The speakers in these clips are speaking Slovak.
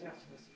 Gracias.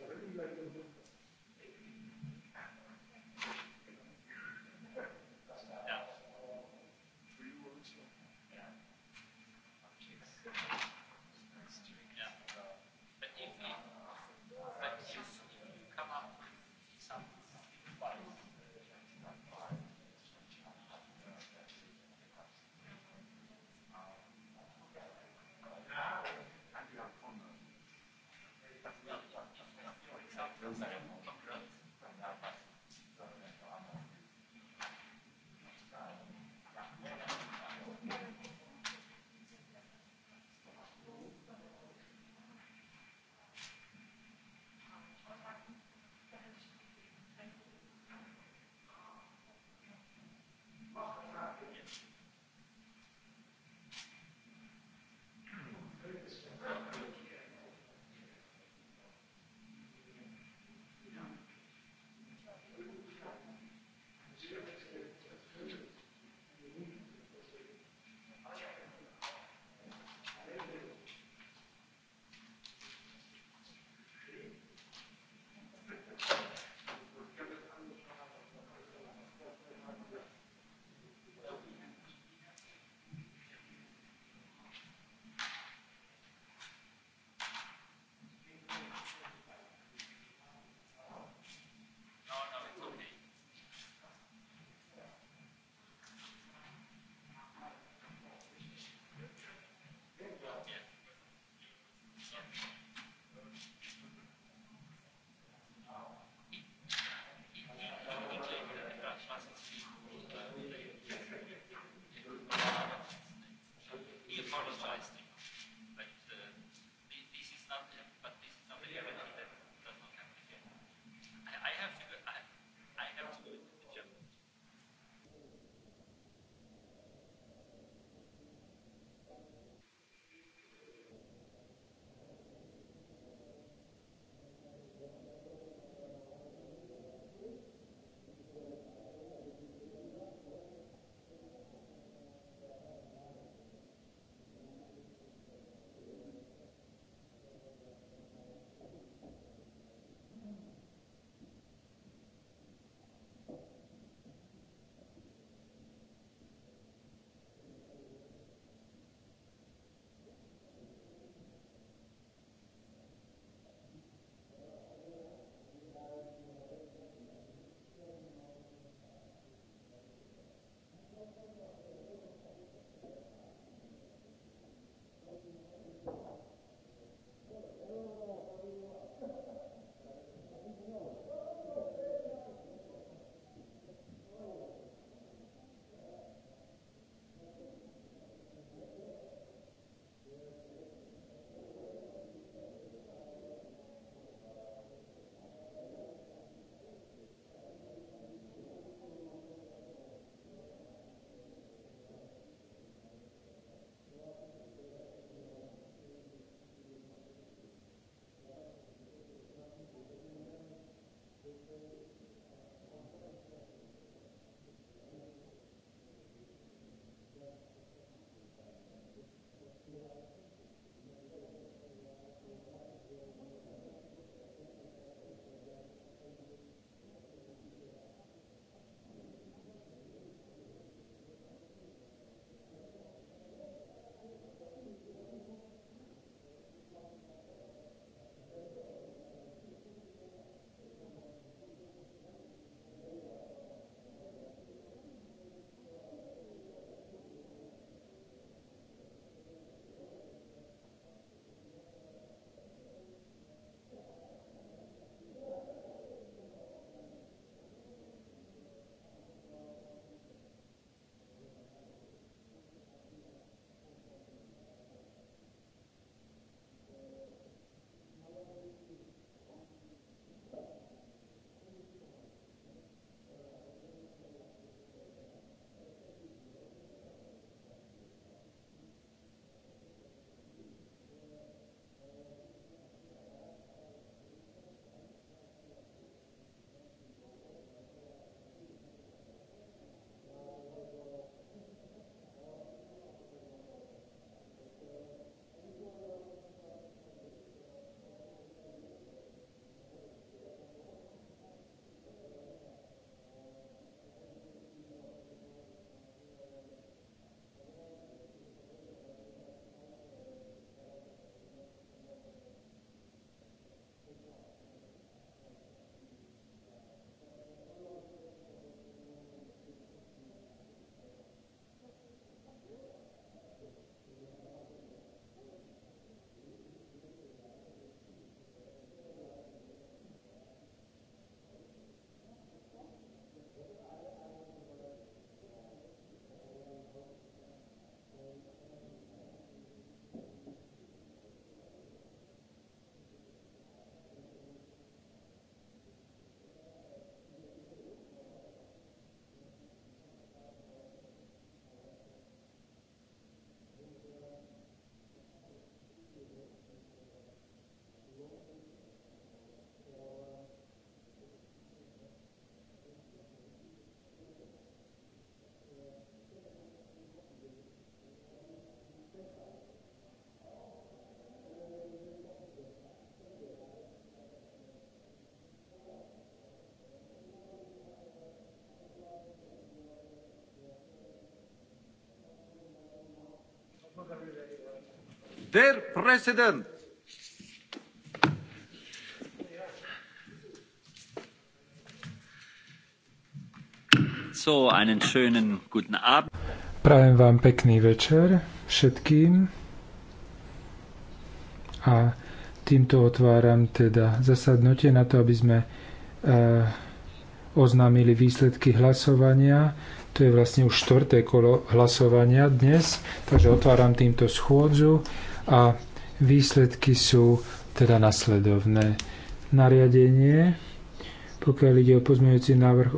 Der Präsident! So, einen schönen guten Abend. Prajem vám pekný večer všetkým. A týmto otváram teda zasadnutie na to, aby sme e, oznámili výsledky hlasovania. To je vlastne už štvrté kolo hlasovania dnes, takže otváram týmto schôdzu a výsledky sú teda nasledovné. Nariadenie, pokiaľ ide o pozmeňujúci návrh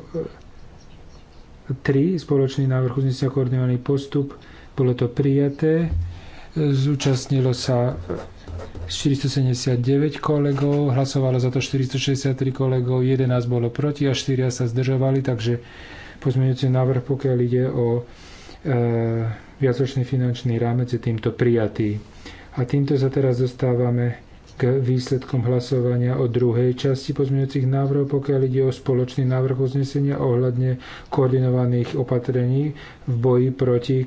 3, e, spoločný návrh uznesenia koordinovaný postup, bolo to prijaté. Zúčastnilo sa 479 e, kolegov, hlasovalo za to 463 kolegov, 11 bolo proti a 4 sa zdržovali, takže pozmeňujúci návrh, pokiaľ ide o E, viacročný finančný rámec je týmto prijatý. A týmto sa teraz dostávame k výsledkom hlasovania o druhej časti pozmeňujúcich návrhov, pokiaľ ide o spoločný návrh uznesenia ohľadne koordinovaných opatrení v boji proti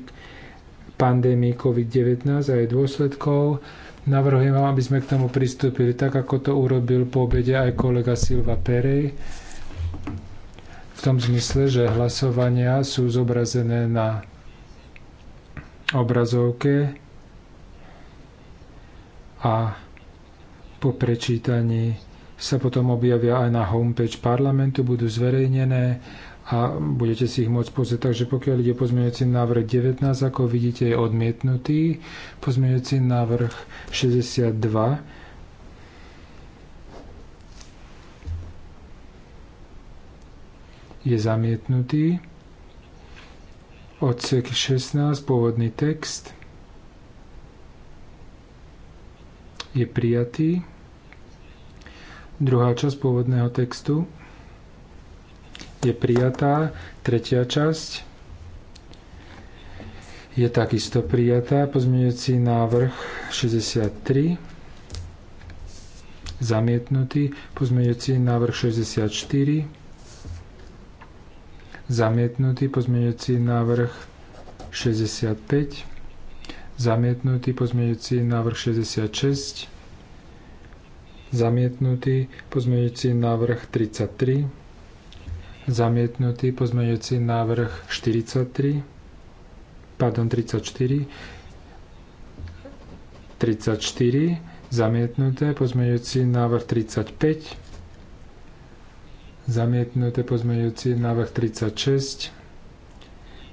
pandémii COVID-19 a jej dôsledkov. Navrhujem vám, aby sme k tomu pristúpili tak, ako to urobil po obede aj kolega Silva Perej. V tom zmysle, že hlasovania sú zobrazené na obrazovke a po prečítaní sa potom objavia aj na homepage parlamentu, budú zverejnené a budete si ich môcť pozrieť. Takže pokiaľ ide pozmeňujúci návrh 19, ako vidíte, je odmietnutý. Pozmeňujúci návrh 62 je zamietnutý odsek 16, pôvodný text je prijatý. Druhá časť pôvodného textu je prijatá. Tretia časť je takisto prijatá. Pozmeňujúci návrh 63 zamietnutý. Pozmeňujúci návrh 64 Zamietnutý pozmeňujúci návrh 65. Zamietnutý pozmeňujúci návrh 66. Zamietnutý pozmeňujúci návrh 33. Zamietnutý pozmeňujúci návrh 43. Pardon, 34. 34. Zamietnuté pozmeňujúci návrh 35 zamietnuté pozmeňujúci návrh 36,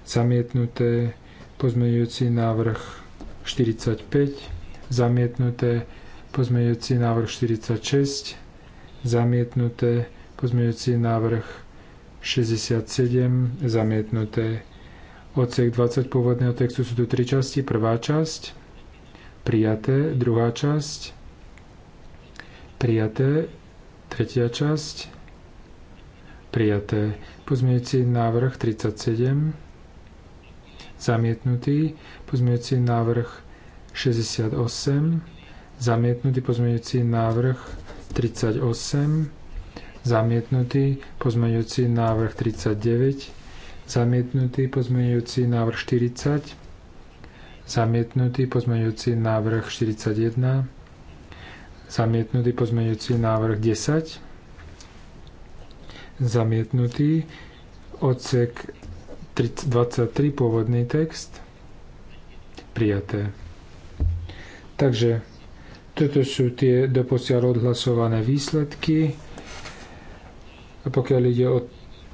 zamietnuté pozmeňujúci návrh 45, zamietnuté pozmeňujúci návrh 46, zamietnuté pozmeňujúci návrh 67, zamietnuté odsek 20 pôvodného textu sú tu tri časti. Prvá časť, prijaté, druhá časť, prijaté, tretia časť, prijaté. Pozmeňujúci návrh 37 zamietnutý. Pozmeňujúci návrh 68 zamietnutý. Pozmeňujúci návrh 38 zamietnutý. Pozmeňujúci návrh 39 zamietnutý. Pozmeňujúci návrh 40 zamietnutý. Pozmeňujúci návrh 41 zamietnutý. Pozmeňujúci návrh 10 zamietnutý. Odsek 23, pôvodný text, prijaté. Takže toto sú tie doposiaľ odhlasované výsledky. A pokiaľ ide o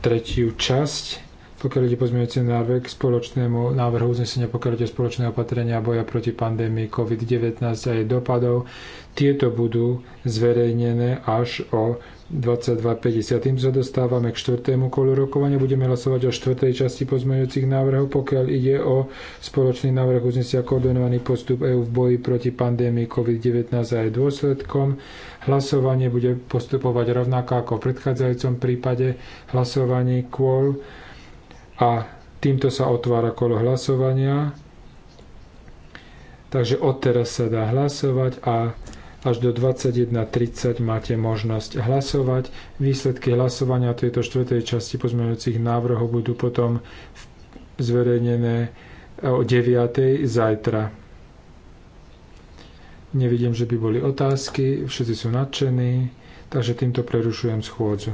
tretiu časť, pokiaľ ide pozmeňujúci návrh k spoločnému návrhu uznesenia, pokiaľ ide spoločné opatrenia boja proti pandémii COVID-19 a jej dopadov, tieto budú zverejnené až o 22.50. Tým sa dostávame k štvrtému kolu rokovania. Budeme hlasovať o štvrtej časti pozmeňujúcich návrhov, pokiaľ ide o spoločný návrh uznesia koordinovaný postup EÚ v boji proti pandémii COVID-19 a jej dôsledkom. Hlasovanie bude postupovať rovnako ako v predchádzajúcom prípade hlasovaní kôl. A týmto sa otvára kolo hlasovania. Takže odteraz sa dá hlasovať a až do 21.30 máte možnosť hlasovať. Výsledky hlasovania tejto štvrtej časti pozmeňujúcich návrhov budú potom zverejnené eh, o 9.00 zajtra. Nevidím, že by boli otázky, všetci sú nadšení, takže týmto prerušujem schôdzu.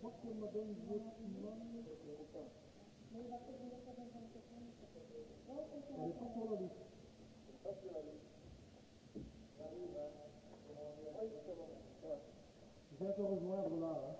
Je vais te rejoindre là. Hein.